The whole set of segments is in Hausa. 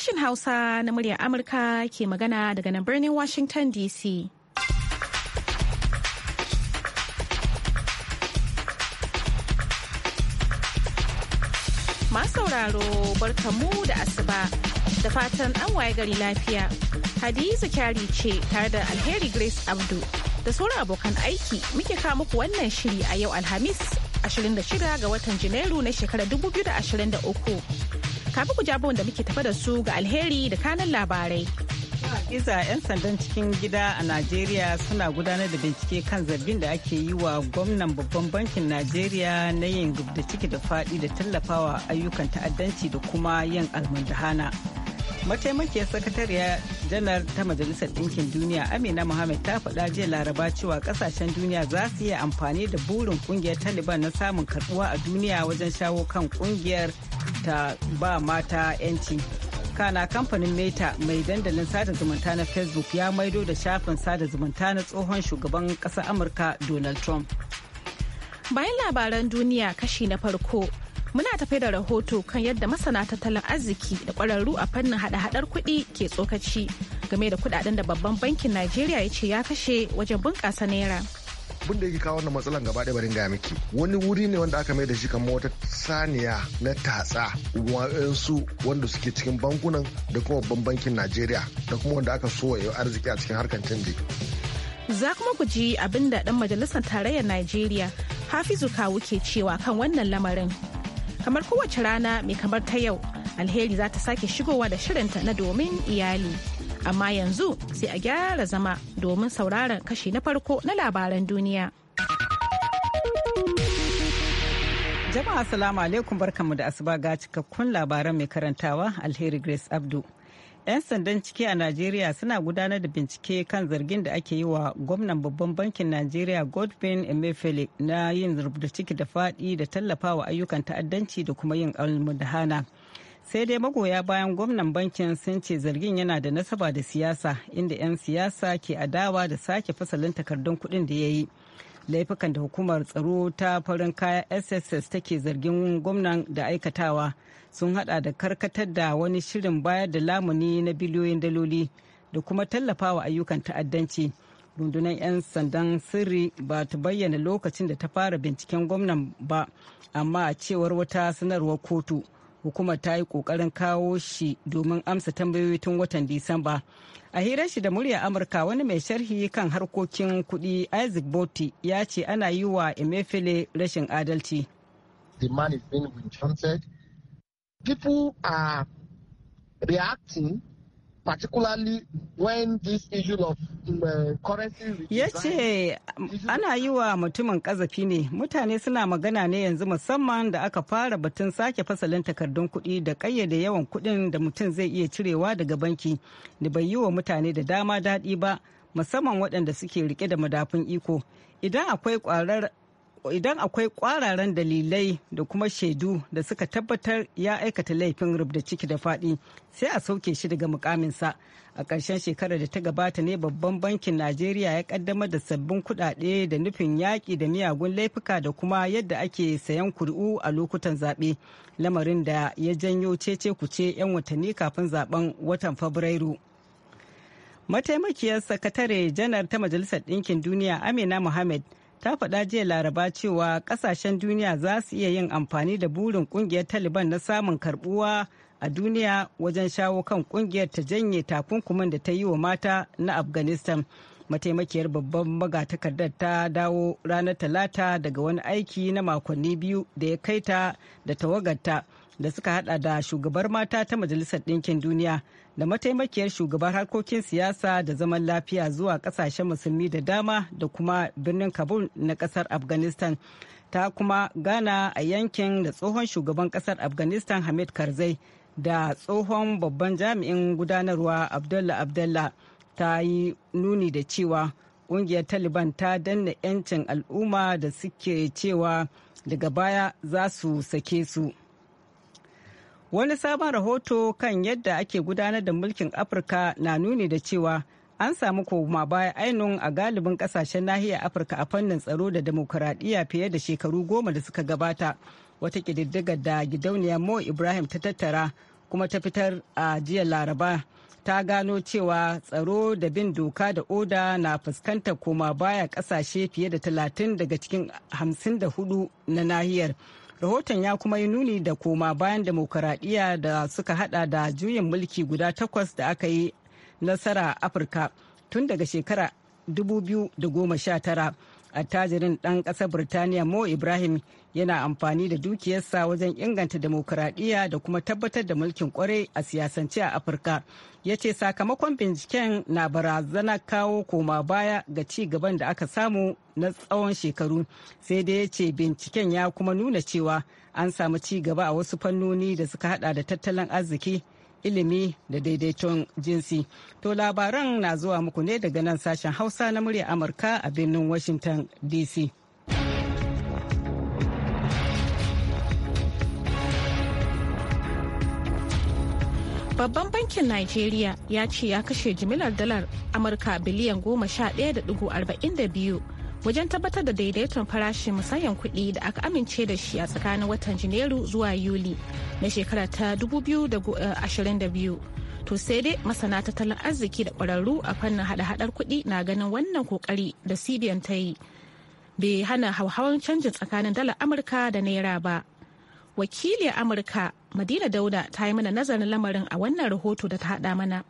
Sashen Hausa na muryar Amurka ke magana daga nan birnin Washington DC. masauraro sauraro barkamu da asuba da fatan an waye gari lafiya. Hadiza kyari ce tare da Alheri Grace Abdu da sauran abokan aiki muke kawo muku wannan shiri a yau Alhamis 26 ga watan Janairu na shekarar 2023. Kafin ku jabo da muke tafa da su ga alheri da kanan labarai. Iza 'yan sandan cikin gida a Najeriya suna gudanar da bincike kan zargin da ake yi wa gwamnan babban bankin Najeriya na yin da ciki da faɗi da tallafawa ayyukan ta'addanci da kuma yin almundahana. mataimakiyar sakatariya janar ta majalisar ɗinkin duniya amina mohammed ta faɗa jiya laraba cewa ƙasashen duniya za su iya amfani da burin ƙungiyar taliban na samun karɓuwa a duniya wajen shawo kan ƙungiyar ta ba mata 'yanci kana kamfanin meta mai dandalin sada zumunta na facebook ya maido da shafin sada zumunta na tsohon shugaban ƙasar amurka donald trump bayan labaran duniya kashi na farko muna tafi da rahoto kan yadda masana tattalin arziki da kwararru a fannin hada-hadar kuɗi ke tsokaci game da kudaden da babban bankin najeriya ya ce ya kashe wajen bunƙasa naira. abin da yake kawo wannan matsalan gaba ɗaya barin ga miki wani wuri ne wanda aka mai da shi kamar wata saniya na tatsa wa'ansu wanda suke cikin bankunan da kuma babban bankin najeriya da kuma wanda aka so ya arziki a cikin harkar canji za kuma ku ji abin da dan majalisar tarayyar najeriya hafizu kawu ke cewa kan wannan lamarin kamar kowace rana mai kamar ta yau alheri za ta sake shigowa da shirinta na domin iyali Amma yanzu sai a gyara zama domin sauraron kashi na farko na labaran duniya. Jama'a salamu alaikum barkanmu da asuba ga cikakkun labaran mai karantawa Alheri Grace Abdu. 'Yan sandan ciki a Najeriya suna gudanar da bincike kan zargin da ake yi wa gwamnan babban bankin Najeriya Godwin emefele na yin rubuta ciki da faɗi da tallafa wa ayyukan ta'addanci da kuma yin almudahana. sai dai magoya bayan gwamnan bankin sun ce zargin yana da nasaba da siyasa inda 'yan siyasa ke adawa da sake fasalin takardun kuɗin da ya yi laifukan da hukumar tsaro ta farin kaya sss take zargin gwamnan da aikatawa sun hada da karkatar da wani shirin bayar da lamuni na biliyoyin daloli da kuma tallafawa ayyukan ta'addanci rundunar 'yan sandan sirri ba ta bayyana lokacin da ta fara binciken gwamnan ba amma a cewar wata sanarwar kotu hukumar ta yi kokarin kawo shi domin amsa tambayoyi tun watan disamba a hirar shi da murya amurka wani mai sharhi kan harkokin kudi isaac botti ya ce ana yi wa emefele rashin adalci the man is being people are reacting particularly when this issue of um, ya ana yi wa mutumin kazafi ne mutane suna magana ne yanzu musamman da aka fara batun sake fasalin takardun kuɗi da ƙayyade yawan kuɗin da mutum zai iya cirewa daga banki da bai yi wa mutane da dama daɗi ba musamman waɗanda suke rike da madafun iko idan akwai kwarar idan akwai kwararan dalilai da kuma shaidu da suka tabbatar ya aikata laifin rubda ciki da fadi sai a sauke shi daga mukaminsa a ƙarshen shekarar da ta gabata ne babban bankin najeriya ya kaddamar da sabbin kuɗaɗe da nufin yaƙi da miyagun laifuka da kuma yadda ake sayan kuri'u a lokutan zaɓe lamarin da ya janyo cece kuce 'yan watanni kafin zaben watan fabrairu mataimakiyar sakatare janar ta majalisar ɗinkin duniya amina muhammad. ta faɗa jiya laraba cewa ƙasashen duniya za su iya yin amfani da burin ƙungiyar taliban na samun karɓuwa a duniya wajen shawo kan ƙungiyar ta janye takunkumin da ta yi wa mata na afghanistan mataimakiyar babban magatakardar ta dawo ranar talata daga wani aiki na makonni biyu da ya kai ta da tawagarta da suka hada da shugabar mata ta majalisar ɗinkin duniya da mataimakiyar shugaban harkokin siyasa da zaman lafiya zuwa kasashen musulmi da dama da kuma birnin kabul na kasar afghanistan ta kuma gana a yankin da tsohon shugaban kasar afghanistan hamid karzai da tsohon babban jami'in gudanarwa abdullah abdullah ta yi nuni da cewa kungiyar taliban ta danna 'yancin al'umma da suke cewa daga baya za su sake su Wani sabon rahoto kan yadda ake gudanar da mulkin Afirka na nuni da cewa an samu koma baya ainun a galibin kasashen nahiyar Afirka a fannin tsaro da demokuraɗiyya fiye da shekaru goma da suka gabata. Wata ƙididdigar da gidauniya Mo Ibrahim ta tattara kuma ta fitar a jiya Laraba ta gano cewa tsaro da bin doka da oda na fuskantar koma baya ƙasashe fiye da talatin daga cikin hamsin da hudu na nahiyar. rahoton ya kuma yi nuni da koma bayan demokuraɗiyya da suka hada da juyin mulki guda takwas da aka yi nasara afirka tun daga shekara 2019 attajirin ɗan ƙasar birtaniya mo ibrahim yana amfani da dukiyarsa wajen inganta demokuraɗiyya da kuma tabbatar da mulkin kwarai a siyasance a afirka ya ce sakamakon binciken na barazana kawo koma baya ga ci gaban da aka samu na tsawon shekaru sai dai ya ce binciken ya kuma nuna cewa an samu ci gaba a wasu fannoni da suka hada da tattalin arziki ilimi da daidaiton jinsi. To labaran na zuwa muku ne daga nan sashen Hausa na murya Amurka a birnin Washington DC. Babban bankin Najeriya ya ce ya kashe jimilar dalar Amurka biliyan 11.42 wajen tabbatar da daidaiton farashin musayan kuɗi da aka amince da shi a tsakanin watan janairu zuwa yuli na shekara ta 2022 to sai dai masana tattalin arziki da ƙwararru a fannin hada-hadar kuɗi na ganin wannan kokari da cbn ta yi bai hana hauhawan canjin tsakanin dalar amurka da naira ba wakiliyar amurka madina dauda ta yi mana nazarin lamarin a wannan rahoto da ta hada mana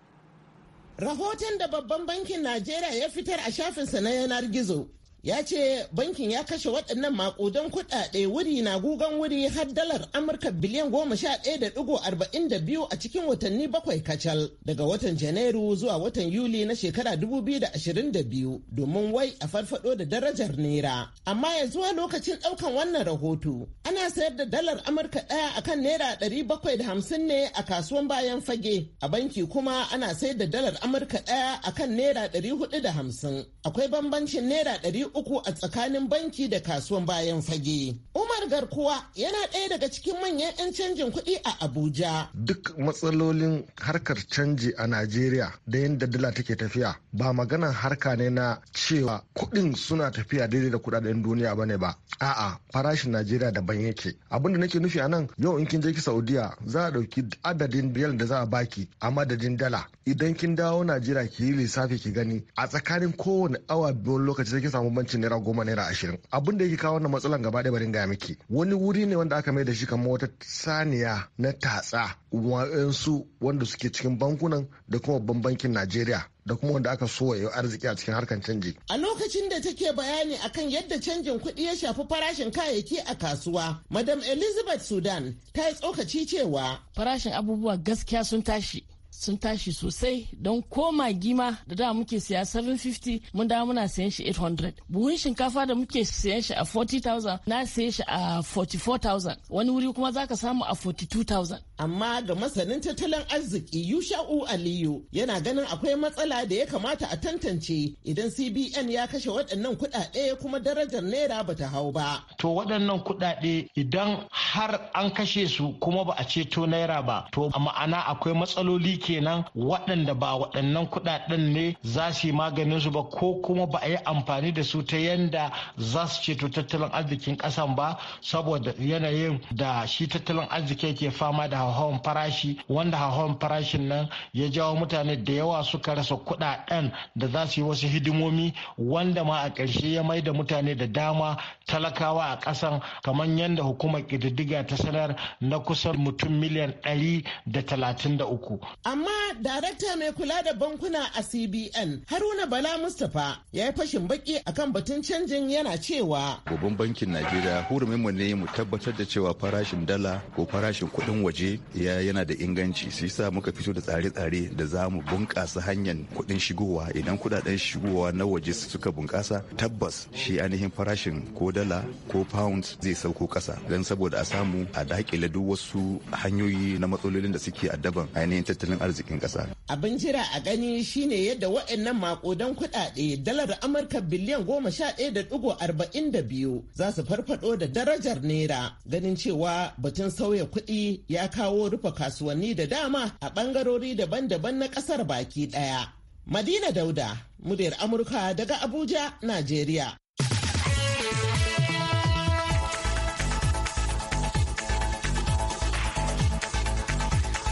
rahoton da babban bankin najeriya ya fitar a shafinsa na yanar gizo ya ce bankin ya kashe waɗannan makudan kuɗaɗe wuri na gugan wuri har dalar amurka biliyan goma sha ɗaya da ɗigo arba'in da biyu a cikin watanni bakwai kacal daga watan janairu zuwa watan yuli na shekara dubu biyu da ashirin da biyu domin wai a farfaɗo da darajar naira amma ya zuwa lokacin ɗaukan wannan rahoto ana sayar da dalar amurka ɗaya akan naira ɗari bakwai da hamsin ne a kasuwan bayan fage a banki kuma ana sayar da dalar amurka ɗaya akan naira ɗari hudu da hamsin akwai bambancin naira ɗari uku a tsakanin banki da kasuwan bayan fage. Umar Garkuwa yana ɗaya daga cikin manyan 'yan canjin kuɗi a Abuja. Duk matsalolin harkar canji a Najeriya da yadda dala take tafiya ba magana harka ne na cewa kuɗin suna tafiya daidai da kuɗaɗen duniya bane ba. a'a farashin najeriya daban yake abinda nake nufi a nan yau in kin je ki saudiya za a ɗauki adadin biyan da za a baki a madadin dala idan kin dawo najeriya ki yi lissafi ki gani a tsakanin kowane awa biyun lokaci sai ki samu bancin naira goma naira ashirin abin da yake kawo wannan matsalan gaba ɗaya barin gaya miki wani wuri ne wanda aka mai da shi kamar wata saniya na tatsa wa'ansu wanda suke cikin bankunan da kuma babban bankin najeriya da kuma wanda aka so ya arziki a cikin harkar canji. A lokacin da take bayani akan yadda canjin kuɗi ya shafi farashin kayayyaki a kasuwa, Madam Elizabeth Sudan ta yi tsokaci cewa. Farashin abubuwa gaskiya sun tashi sun tashi sosai don koma gima da da muke siya 750 mun da muna siyan shi 800 buhun shinkafa da muke siyan shi a 40000 na siyan shi a 44000 wani wuri kuma zaka samu a 42000 amma ga masanin tattalin arziki yusha'u aliyu yana ganin akwai matsala da ya kamata a tantance idan cbn ya kashe waɗannan kuɗaɗe kuma darajar naira bata hau ba to waɗannan kuɗaɗe idan har an kashe su kuma ba a ceto naira ba to ma'ana akwai matsaloli kenan waɗanda ba waɗannan kuɗaɗen ne za su yi maganin su ba ko kuma ba a yi amfani da su ta yanda za su ceto tattalin arzikin ƙasan ba saboda yanayin da shi tattalin arziki yake fama da hauhawan farashi wanda hauhawan farashin nan ya jawo mutane da yawa suka rasa kuɗaɗen da za su yi wasu hidimomi wanda ma a ƙarshe ya mai da mutane da dama talakawa a ƙasan kamar yadda hukumar ƙididdiga ta sanar na kusan mutum miliyan ɗari da talatin da uku. Amma darakta mai kula da bankuna a CBN Haruna Bala Mustapha ya yi fashin baki akan batun canjin yana cewa. Babban bankin Najeriya hurumin mu ne mu tabbatar da cewa farashin dala ko farashin kudin waje ya yana da inganci su yasa muka fito da tsare-tsare da za mu bunƙasa hanyar kudin shigowa idan kuɗaɗen shigowa na waje suka bunƙasa tabbas shi ainihin farashin ko dala ko pound zai sauko kasa don saboda a samu a dakile duk wasu hanyoyi na matsalolin da suke addaban ainihin tattalin arzikin kasa. Abin jira a gani shine yadda waɗannan makodan kuɗaɗe dalar Amurka biliyan goma sha ɗaya da ɗigo arba'in da biyu za su farfaɗo da darajar naira ganin cewa batun sauya kuɗi ya kawo rufe kasuwanni da dama a ɓangarori daban-daban na ƙasar baki ɗaya. Madina Dauda, muryar Amurka daga Abuja, Najeriya.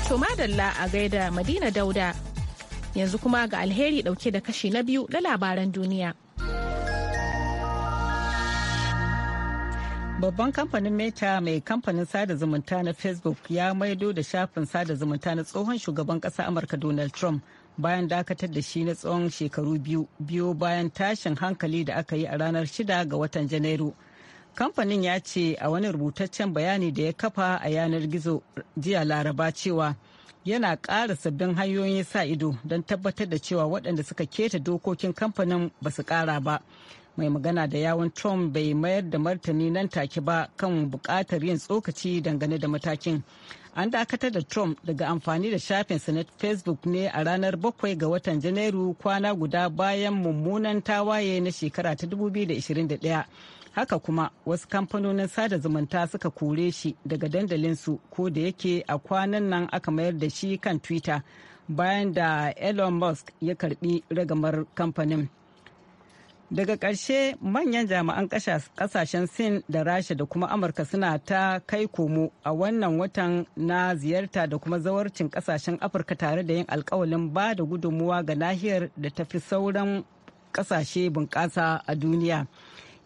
To madalla a gaida Madina Dauda. Yanzu kuma ga alheri dauke da kashi na biyu na labaran duniya. Babban kamfanin Meta mai kamfanin sada zumunta na Facebook ya maido da shafin sada zumunta na tsohon shugaban kasa Amurka Donald Trump bayan dakatar da shi na tsawon shekaru biyu biyo bayan tashin hankali da aka yi a ranar 6 ga watan Janairu. kamfanin ya ce a wani rubutaccen bayani da ya kafa a yanar gizo jiya laraba cewa yana ƙara sabbin hanyoyin sa ido don tabbatar da cewa waɗanda suka keta dokokin kamfanin ba su ƙara ba mai magana da yawon trump bai mayar da martani nan take ba kan buƙatar yin tsokaci dangane da matakin an dakatar da trump daga amfani da shafin na facebook ne a ranar 7 ga watan janairu kwana guda bayan mummunan tawaye na shekara ta 2021 haka kuma wasu kamfanonin sada zumunta suka kore shi daga dandalinsu ko da yake a kwanan nan aka mayar da shi kan twitter bayan da elon musk ya karbi ragamar kamfanin daga ƙarshe manyan jami'an ƙasashen sin da rasha da kuma amurka suna ta kai komo a wannan watan na ziyarta da kuma zawarcin ƙasashen afirka tare da yin alkawalin ba da gudunmuwa ga nahiyar da ta fi sauran ƙasashe bunƙasa a duniya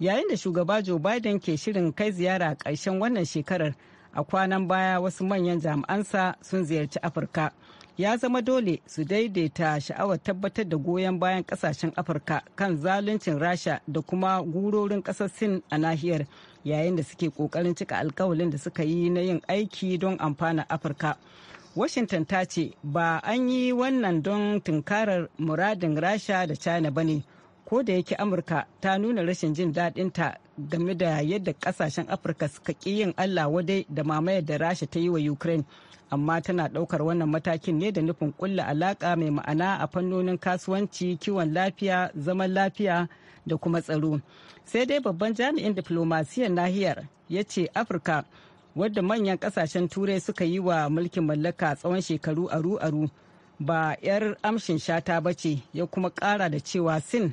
yayin da shugaba joe biden ke shirin kai ziyara a ƙarshen wannan shekarar a kwanan baya wasu manyan jami'ansa sun ziyarci afirka ya zama dole su daidaita sha'awar tabbatar da goyon bayan kasashen afirka kan zaluncin rasha da kuma gurorin ƙasar sin a nahiyar yayin da suke ƙoƙarin cika alkawalin da suka yi na yin aiki don amfana afirka washington ta ce ba an yi wannan don tunkarar muradin rasha da china ba ne ko da yake amurka ta nuna rashin jin daɗin ta game da yadda ƙasashen afirka suka ƙi yin allah wadai da mamayar da rasha ta yi wa ukraine amma tana ɗaukar wannan matakin ne da nufin ƙulla alaƙa mai ma'ana a fannonin kasuwanci kiwon lafiya zaman lafiya da kuma tsaro sai dai babban jami'in diflomasiyyar nahiyar ya ce afirka wadda manyan ƙasashen turai suka yi wa mulkin mallaka tsawon shekaru aru-aru ba 'yar amshin shata ba ce ya kuma ƙara da cewa sin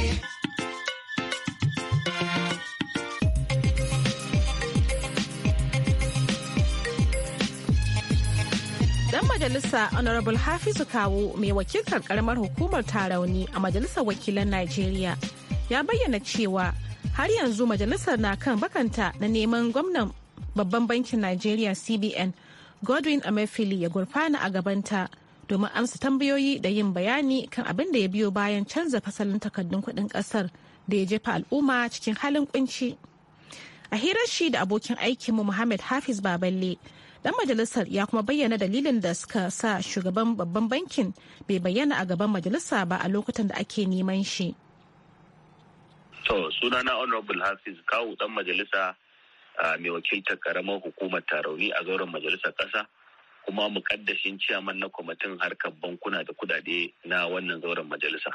Dan majalisa Honorable Hafizu kawu mai wakiltar karamar hukumar tarauni a majalisar wakilan Najeriya ya bayyana cewa har yanzu majalisar na kan bakanta na neman gwamnan babban bankin Najeriya CBN Godwin amefili ya gurfana a gabanta domin amsa tambayoyi da yin bayani kan abin da ya biyo bayan canza fasalin takardun kudin kasar da ya jefa al'umma cikin halin kunci. A hirar shi da abokin aikinmu Muhammad Hafiz Baballe dan majalisar ya kuma bayyana dalilin da suka sa shugaban babban bankin bai bayyana a gaban majalisa ba a lokutan da ake neman shi to sunana honorable hafiz kawu dan majalisa mai wakiltar karamar hukumar tarauni a zauren majalisar kasa kuma mukaddashin ciyaman na kwamitin harkar bankuna da kudade na wannan zauren majalisa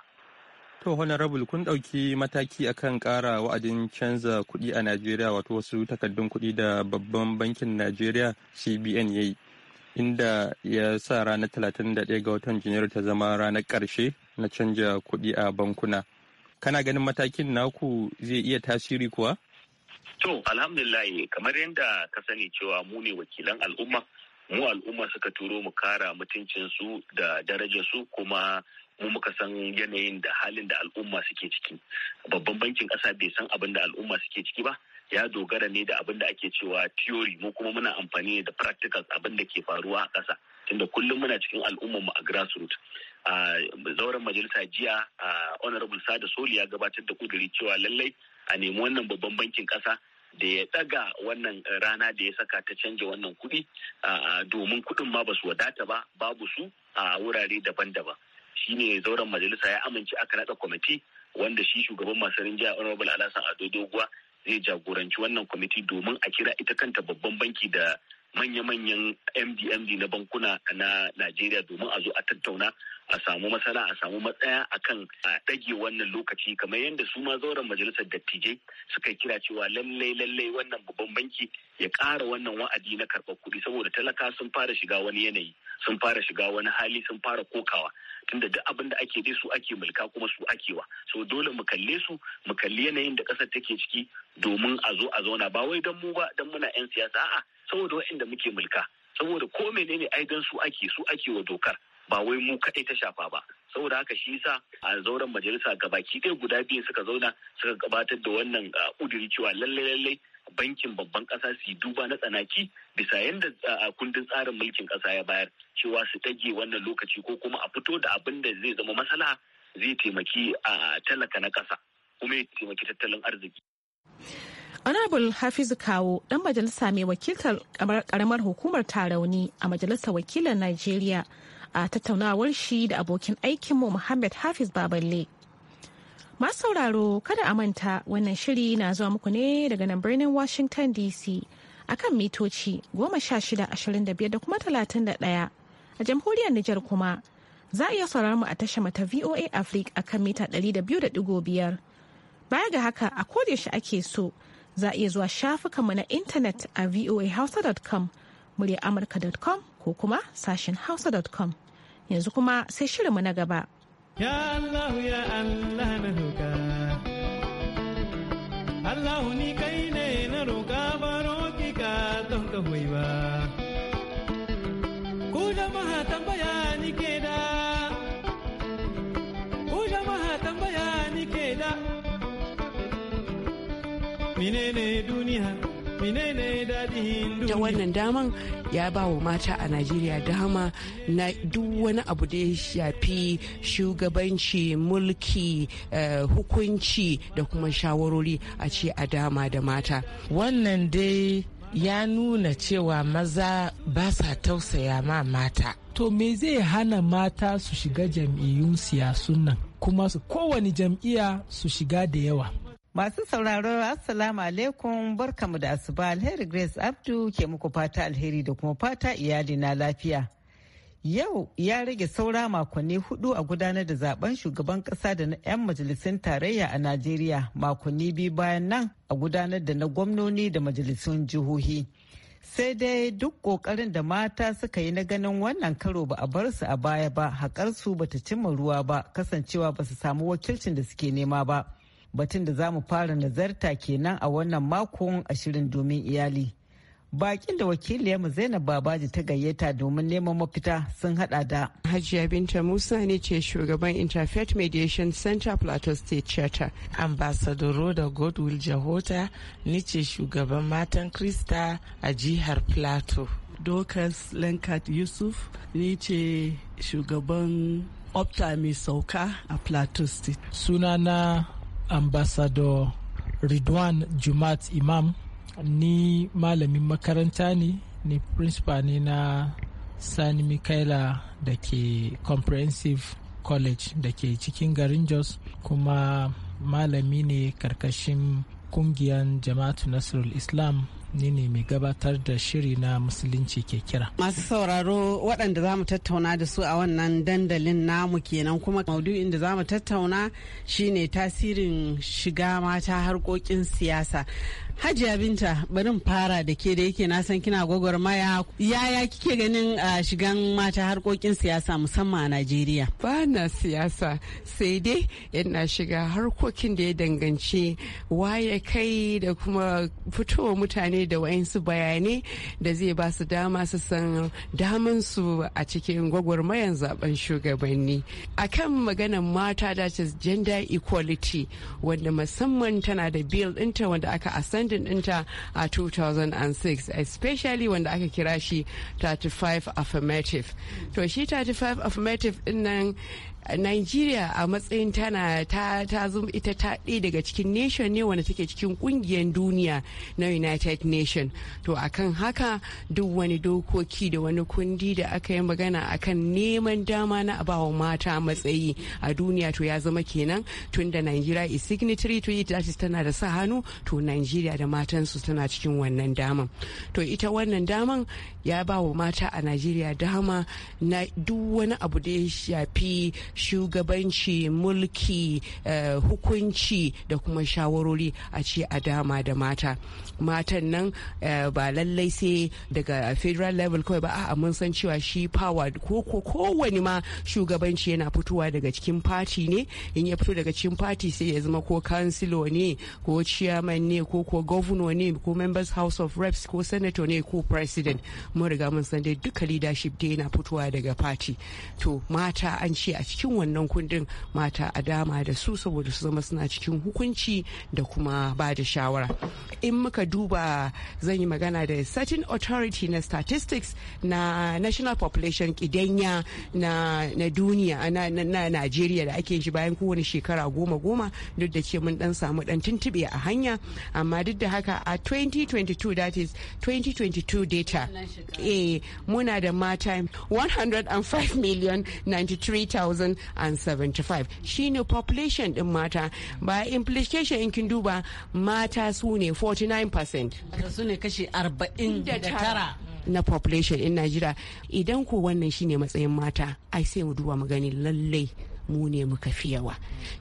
To honorable kun ɗauki mataki akan ƙara wa'adin canza kuɗi a Najeriya wato wasu takardun kuɗi da babban bankin Najeriya CBN ya yi inda ya sa ranar ɗaya ga watan Janairu ta zama ranar ƙarshe na canja kuɗi a bankuna. Kana ganin matakin naku zai iya tasiri kuwa? To alhamdulillah kamar yadda ka sani cewa mu ne wakilan al'umma mu al'umma suka turo mu kara mutuncinsu da darajarsu kuma mu muka san yanayin da halin da al'umma suke ciki babban bankin ƙasa bai san abin da al'umma suke ciki ba ya dogara ne da abin da ake cewa theory mu kuma muna amfani da practicals abin da ke faruwa a ƙasa tunda kullum muna cikin al'ummar mu a grassroots a zauren majalisa jiya a honorable sada soli ya gabatar da kuduri cewa lallai a nemi wannan babban bankin ƙasa da ya daga wannan eh, rana da ya saka ta canja wannan kuɗi domin kuɗin ma ba su wadata ba babu su a wurare daban-daban shi ne zauren majalisa ya amince aka naɗa kwamiti wanda shi shugaban masu rinjaya honorable alasan ado doguwa zai jagoranci wannan kwamiti domin a kira ita kanta babban banki da manya-manyan mdmd na bankuna na najeriya domin a zo a tattauna a samu masana a samu matsaya akan a ɗage wannan lokaci kamar yadda su ma zauren majalisar dattijai suka kira cewa lallai lallai wannan babban banki ya ƙara wannan wa'adi na karɓar kuɗi saboda talaka sun fara shiga wani yanayi sun fara shiga wani hali sun fara kokawa tunda duk abin da ake dai su ake mulka kuma su ake wa so dole mu kalle su mu kalli yanayin da ƙasar take ciki domin a zo a zauna ba wai don mu ba don muna 'yan siyasa a'a saboda waɗanda muke mulka saboda ko menene ai dan su ake su ake wa dokar ba wai mu kadai ta shafa ba saboda haka shi yasa a zauren majalisa gabaki ɗaya guda biyu suka zauna suka gabatar da wannan kudiri ah, cewa lalle lalle bankin babban ƙasa su duba na tsanaki bisa yadda ah, ah, kundin tsarin mulkin ƙasa ya bayar cewa su ɗage wannan lokaci ko kuma a fito da abin da zai zama masala zai taimaki a talaka na ƙasa kuma ya taimaki tattalin arziki. honorable hafizu kawo ɗan majalisa mai wakiltar karamar hukumar tarauni a majalisar wakilan najeriya a tattaunawar shi da abokin aikinmu muhammad hafiz baballe masu sauraro kada a manta wannan shiri na zuwa muku ne daga nan birnin washington dc akan mitoci 1625 da kuma 31 a jamhuriyar Nijar kuma za a iya sauraron mu a tashar mata VOA Africa akan mita 200.5 baya ga haka a yaushe ake so za a iya zuwa shafukanmu na intanet a voahausa.com muryar amurka.com ko kuma sashen hausa.com yanzu kuma sai shirinmu na gaba. Ya Allah ya Allah na roƙa. Allah ni kai ne na roƙa baro ki ka don ka ba. menene da wannan daman ya ba wa mata a najeriya dama na duk wani abu da ya shafi shugabanci mulki eh, hukunci da kuma shawarori a ce a dama da mata wannan dai ya nuna cewa maza ba sa tausaya ma mata to me zai hana mata su shiga jam'iyyun siyasun nan kuma su kowane jam'iyya su shiga da yawa Masu sauraro Assalamu alaikum barkamu da asuba alheri Grace Abdu ke muku fata alheri da kuma fata iyali na lafiya. Yau ya rage saura makonni hudu a gudanar da zaben shugaban kasa da na 'yan majalisun tarayya a Najeriya makonni biyu bayan nan a gudanar da na gwamnoni da majalisun jihohi. Sai dai duk ƙoƙarin da mata suka yi na ganin wannan karo ba a bar su a baya ba, haƙar su bata cimma ruwa ba, kasancewa ba su samu wakilcin da suke nema ba. batun da za mu fara nazarta kenan a wannan makon ashirin domin iyali. Bakin da wakiliyarmu Zainab Babaji ta gayyata domin neman mafita sun hada da. Hajiya Binta Musa ne ce shugaban Interfaith Mediation Center Plateau State Charter. Ambassador Roda Godwill Jahota ni ce shugaban matan Krista a jihar Plateau. Dokas Lankat Yusuf ni ce shugaban opta mai sauka a Plateau State. Sunana ambassador ridwan jumat imam ni malamin makaranta ne ni principal ne na sani mikaila da ke comprehensive college da ke cikin garin jos kuma malami ne karkashin kungiyar jama'atu nasarar islam ni ne mai gabatar da shiri na musulunci ke kira. Masu sauraro waɗanda za mu tattauna da su a wannan dandalin namu kenan kuma maudu'in da za mu tattauna shine tasirin shiga mata harkokin siyasa. Hajiya Binta bari mu fara da ke da yake na san kina gwagwarmaya yaya kike ganin a shigan mata harkokin siyasa musamman a Najeriya? Ba na siyasa sai dai yana shiga harkokin da ya danganci waye kai da kuma fitowa mutane da wayansu bayanai da zai ba su dama su san daman su a cikin gwagwarmayan zaben shugabanni. Akan maganan mata da gender equality wanda musamman tana da bill ɗinta wanda aka asan representing ɗinta a 2006 especially wanda aka kira shi 35 affirmative to shi 35 affirmative din nan Nigeria a matsayin tana ta ta zama ita ta ɗaya daga cikin nation ne wanda take cikin kungiyar duniya na United Nation. To akan haka duk wani dokoki da wani kundi da aka yi magana akan neman dama na abawa mata matsayi a duniya to ya zama kenan tun da Nigeria is signatory to it that tana da sa hannu to Nigeria da matan su tana cikin wannan daman. To ita wannan daman ya ba wa mata a nigeria dama na duk wani abu da ya shafi shugabanci mulki eh, hukunci da kuma shawarori a ce a dama da mata matan nan eh, ba lallai sai daga federal level kawai ba a mun san cewa shi power ko kowane ma shugabanci yana fitowa daga cikin fati ne in ya fito daga cikin party sai ya zama ko kansilo ne ko chairman ne ko ko governor ne ko members house of reps ko senator ne ko president mun riga mun san dai duka leadership dai yana fitowa daga fati to mata an ce a cikin cikin wannan kundin mata a dama da su saboda su zama suna cikin hukunci da kuma ba da shawara in muka duba zan yi magana da certain authority na statistics na national population kidanya na, duniya na, najeriya da ake shi bayan kowane shekara goma goma duk da ce mun dan samu dan tuntube a hanya amma duk da haka a 2022 that is 2022 data eh muna da mata 105 million 93,000 2075 shine population din mata ba implication in kin duba mata su ne 49% su ne kashi 49 na population in Najeriya idan ko wannan shine matsayin mata ai sai mu duba mu gani lallai mu ne muka fi yawa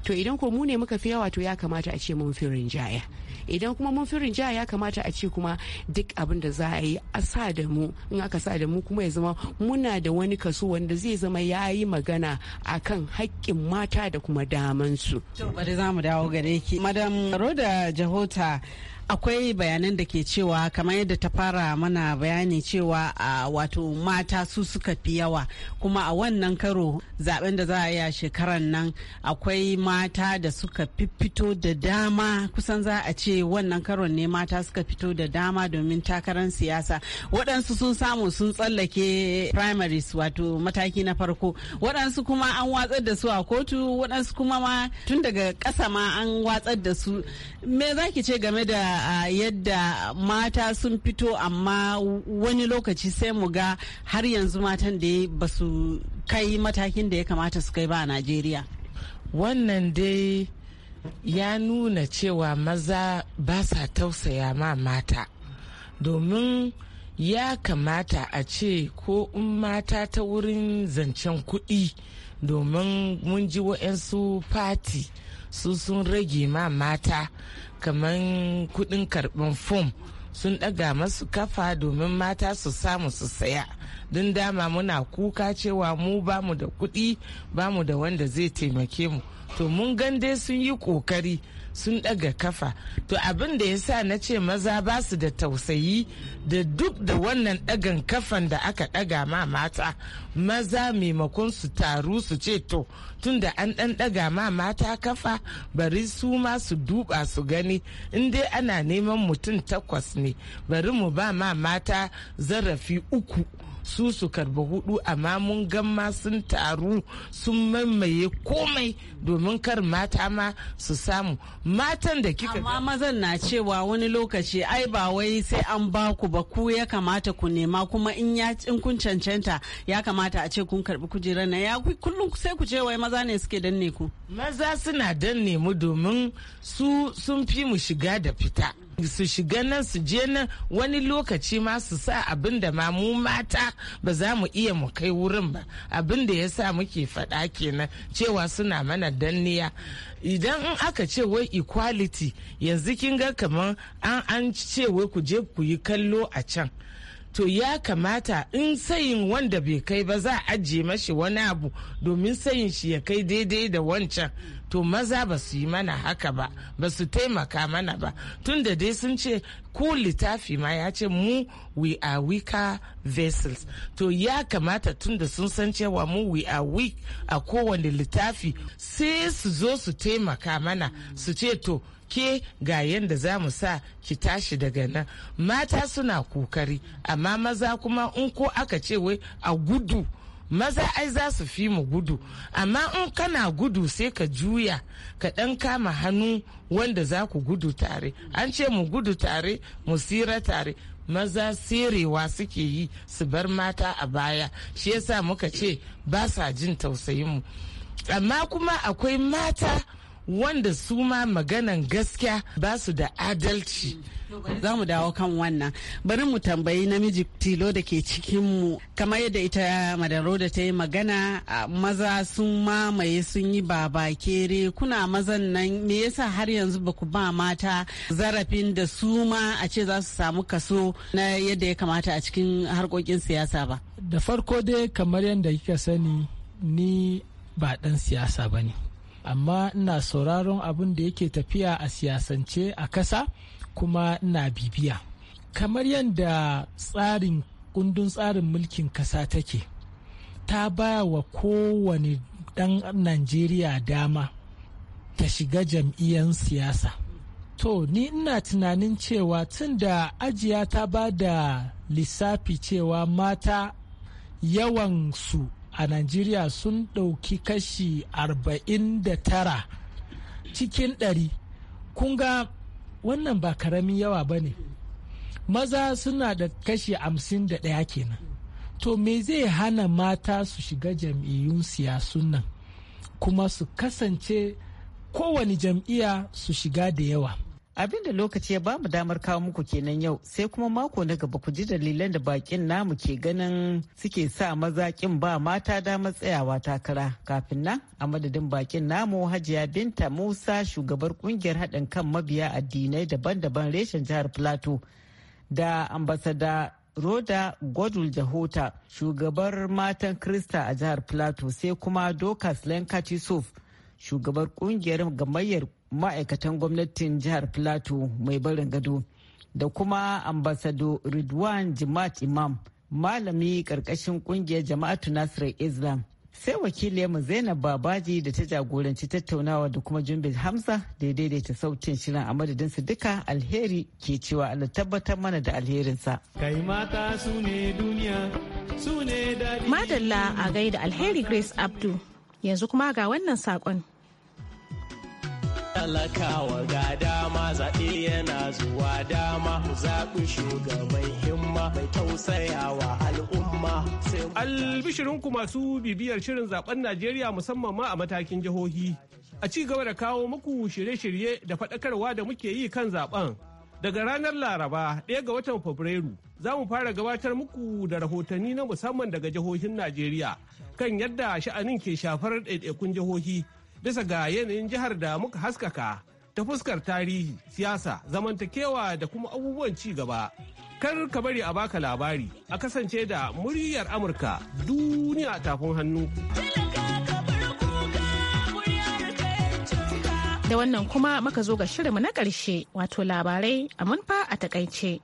to idan ko mu ne muka fi yawa to ya kamata a ce mun fi rinjaya idan kuma mun fi rinjaya ya kamata a ce kuma duk abin da za a yi a sa da mu in aka sa da mu kuma ya zama muna da wani kaso wanda zai zama ya yi magana akan hakkin mata da kuma damansu. To bari za mu dawo gare ki. Madam Roda Jahota akwai bayanan da ke cewa kamar yadda ta fara mana bayani cewa a wato mata su suka fi yawa kuma a wannan karo zaben da za a yi a shekaran nan akwai mata da suka fito da dama kusan za a ce wannan karon ne mata suka fito da dama domin takarar siyasa waɗansu sun samu sun tsallake primaries wato mataki na farko waɗansu kuma an watsar da su a kotu waɗansu kuma ma tun daga ƙasa ma an watsar da su me za ki ce game da da yadda mata sun fito amma wani lokaci sai mu ga har yanzu matan da ba su kai matakin da ya kamata su kai ba a najeriya wannan dai ya nuna cewa maza ba sa tausaya ma mata domin ya kamata a ce ko in mata ta wurin zancen kuɗi domin mun ji wa'yansu fati su sun rage ma mata kamar kuɗin karɓin fom sun ɗaga masu kafa domin mata su samu su saya don dama muna kuka cewa mu bamu da kuɗi bamu da wanda zai taimake mu to mun gande sun yi ƙoƙari sun ɗaga kafa to abin da ya sa na ce maza ba su da tausayi da duk da wannan dagan kafan da aka ɗaga ma mata maza maimakon su taru su ce to tun da an ɗan ɗaga ma mata kafa bari su ma su duba su gani in dai ana neman mutum takwas ne bari mu ba ma mata zarafi uku su su karbi hudu amma mun gamma sun taru sun mamaye komai domin kar mata ma su samu matan da kika amma mazan na cewa wani lokaci ai ba wai sai an ba ku ba ku ya kamata ku nema kuma in ya in kun cancanta ya kamata a ce kun karbi kujerar na ya kullum sai ku ce wai maza ne suke danne ku maza suna danne mu domin su sun fi mu shiga da fita su shiga nan su je nan wani lokaci ma su sa abin da ma mu mata ba za mu iya mu kai wurin ba abin da ya sa muke faɗa kenan cewa suna mana danniya idan in aka ce wai equality yanzu kin ga kamar an an ce wai ku je ku yi kallo a can to ya kamata in sayin wanda bai kai ba za a ajiye mashi wani abu domin sayin shi ya kai daidai da wancan to maza ba su yi mana haka ba ba su taimaka mana ba tun da dai sun ce ku littafi ma ya ce mu we are weaker vessels to ya kamata tun da sun san cewa mu we are weak a kowane littafi sai su zo su taimaka mana su ce to ke ga yadda za mu sa ki tashi daga nan mata suna kokari amma maza kuma in ko aka ce wai a gudu maza ai za su fi mu gudu amma in kana gudu sai ka juya ka ɗan kama hannu wanda za ku gudu tare an ce mu gudu tare mu sira tare maza sirewa suke yi su bar mata a baya shi yasa muka ce ba sa jin tausayin mu amma kuma akwai mata wanda su ma maganan gaskiya ba su da adalci za mu dawo kan wannan bari mu tambayi namiji tilo da ke cikinmu kamar yadda ita madaro da ta yi magana maza sun mamaye sun yi baba kere kuna mazan nan me yasa har yanzu ba ku ba mata zarafin da su ma a ce za su samu kaso na yadda ya kamata a cikin harkokin siyasa ba da farko dai kamar yadda kika sani ni ba dan siyasa ba ne amma ina sauraron abin da yake tafiya a siyasance a kasa kuma ina bibiya kamar yadda tsarin kundin tsarin mulkin kasa take ta baya wa kowane dan najeriya dama ta shiga jam'iyyar siyasa to ni ina tunanin cewa tun da ajiya ta ba da lissafi cewa mata yawan su a Najeriya sun ɗauki kashi 49 cikin 100. Kun ga wannan ba karamin yawa ba ne. Maza suna da kashi 51 kenan. To me zai hana mata su shiga jam'iyyun siyasun nan kuma su kasance kowane jam'iyya su shiga da yawa. Abin da lokaci ya bamu damar kawo muku kenan yau sai kuma mako na gaba ku ji dalilan da bakin namu ke ganin suke sa maza kin ba mata damar tsayawa takara kafin nan a madadin bakin namu Hajiya Binta Musa shugabar kungiyar haɗin kan mabiya addinai daban-daban reshen jihar Plateau da ambasada Roda Godul Jahota shugabar matan Krista a jihar Plateau sai kuma Dokas Lenka shugabar kungiyar gamayyar ma'aikatan gwamnatin jihar plateau mai barin gado da kuma ambasado ridwan jimat imam malami karkashin kungiyar jama'atu nasirar islam sai wakiliyarmu zainab babaji da ta jagoranci tattaunawa da kuma jumbe hamza da ya daidaita sautin shirin a su duka alheri ke cewa ala tabbatar mana da alherinsa kai mata duniya su ne madalla a gaida alheri grace abdu yanzu kuma ga wannan saƙon talakawa ga dama zaɓe yana zuwa dama zaɓi shugaban himma mai tausayawa al'umma albishirinku masu bibiyar shirin zaben najeriya musamman ma a matakin jihohi a ci gaba da kawo muku shirye-shirye da faɗakarwa da muke yi kan zaben daga ranar laraba ɗaya ga watan fabrairu za mu fara gabatar muku da rahotanni na musamman daga jihohin najeriya kan yadda sha'anin ke shafar ɗaiɗaikun jihohi bisa ga yanayin jihar da muka haskaka ta fuskar tarihi, siyasa, zamantakewa da kuma abubuwan ci gaba. Kar ka bari a baka labari a kasance da muryar Amurka duniya tafin hannu. Da wannan kuma muka zo ga shirinmu na ƙarshe wato labarai a munfa a takaice.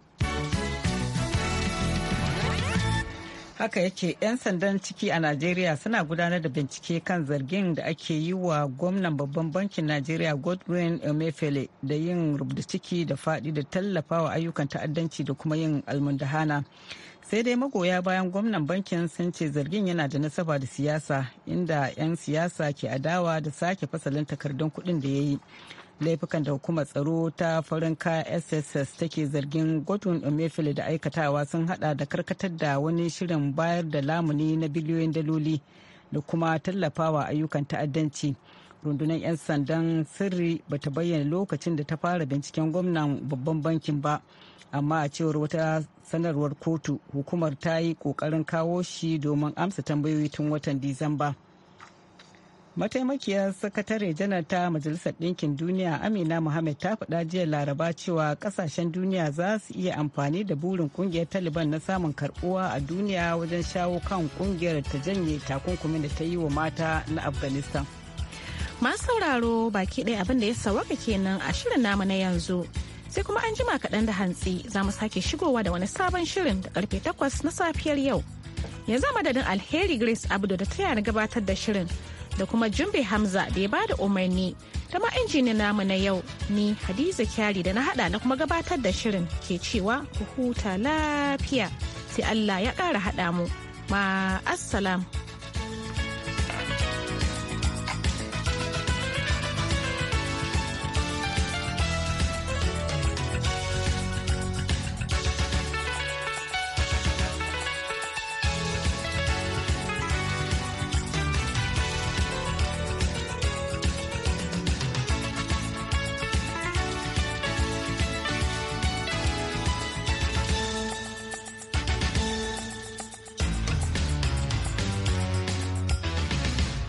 haka yake 'yan sandan ciki a najeriya suna gudanar da bincike kan zargin da ake yi wa gwamnan babban bankin najeriya godwin emefiele da yin rubda ciki da fadi da tallafawa ayyukan ta'addanci da kuma yin almundahana sai dai magoya bayan gwamnan bankin sun ce zargin yana da nasaba da siyasa inda 'yan siyasa ke adawa da sake fasalin takardun kuɗin da ya yi laifukan da hukumar tsaro ta farin ka sss take zargin godwin emefiele da aikatawa sun hada da karkatar da wani shirin bayar da lamuni na biliyoyin daloli da kuma tallafawa ayyukan ta'addanci rundunar 'yan sandan sirri ba ta bayyana lokacin da ta fara binciken gwamnan babban bankin ba amma a cewar wata sanarwar kotu hukumar ta yi kokarin kawo shi domin amsa tambayoyi tun watan disamba. mataimakiyar sakatare janar ta majalisar ɗinkin duniya amina mohammed ta faɗa jiya laraba cewa ƙasashen duniya za su iya amfani da burin ƙungiyar taliban na samun karɓuwa a duniya wajen shawo kan ƙungiyar ta janye takunkumin da ta yi wa mata na afghanistan masu sauraro baki ɗaya abin da ya sawaka kenan a shirin namu na yanzu sai kuma an jima kaɗan da hantsi za mu sake shigowa da wani sabon shirin da karfe takwas na safiyar yau yanzu madadin alheri grace abdu da ta na gabatar da shirin da kuma Jumbe Hamza da ya da umarni ta ma injini namu na yau ni Hadiza Kyari da na hada na kuma gabatar da shirin ke cewa ku huta lafiya sai Allah ya kara hada mu. Ma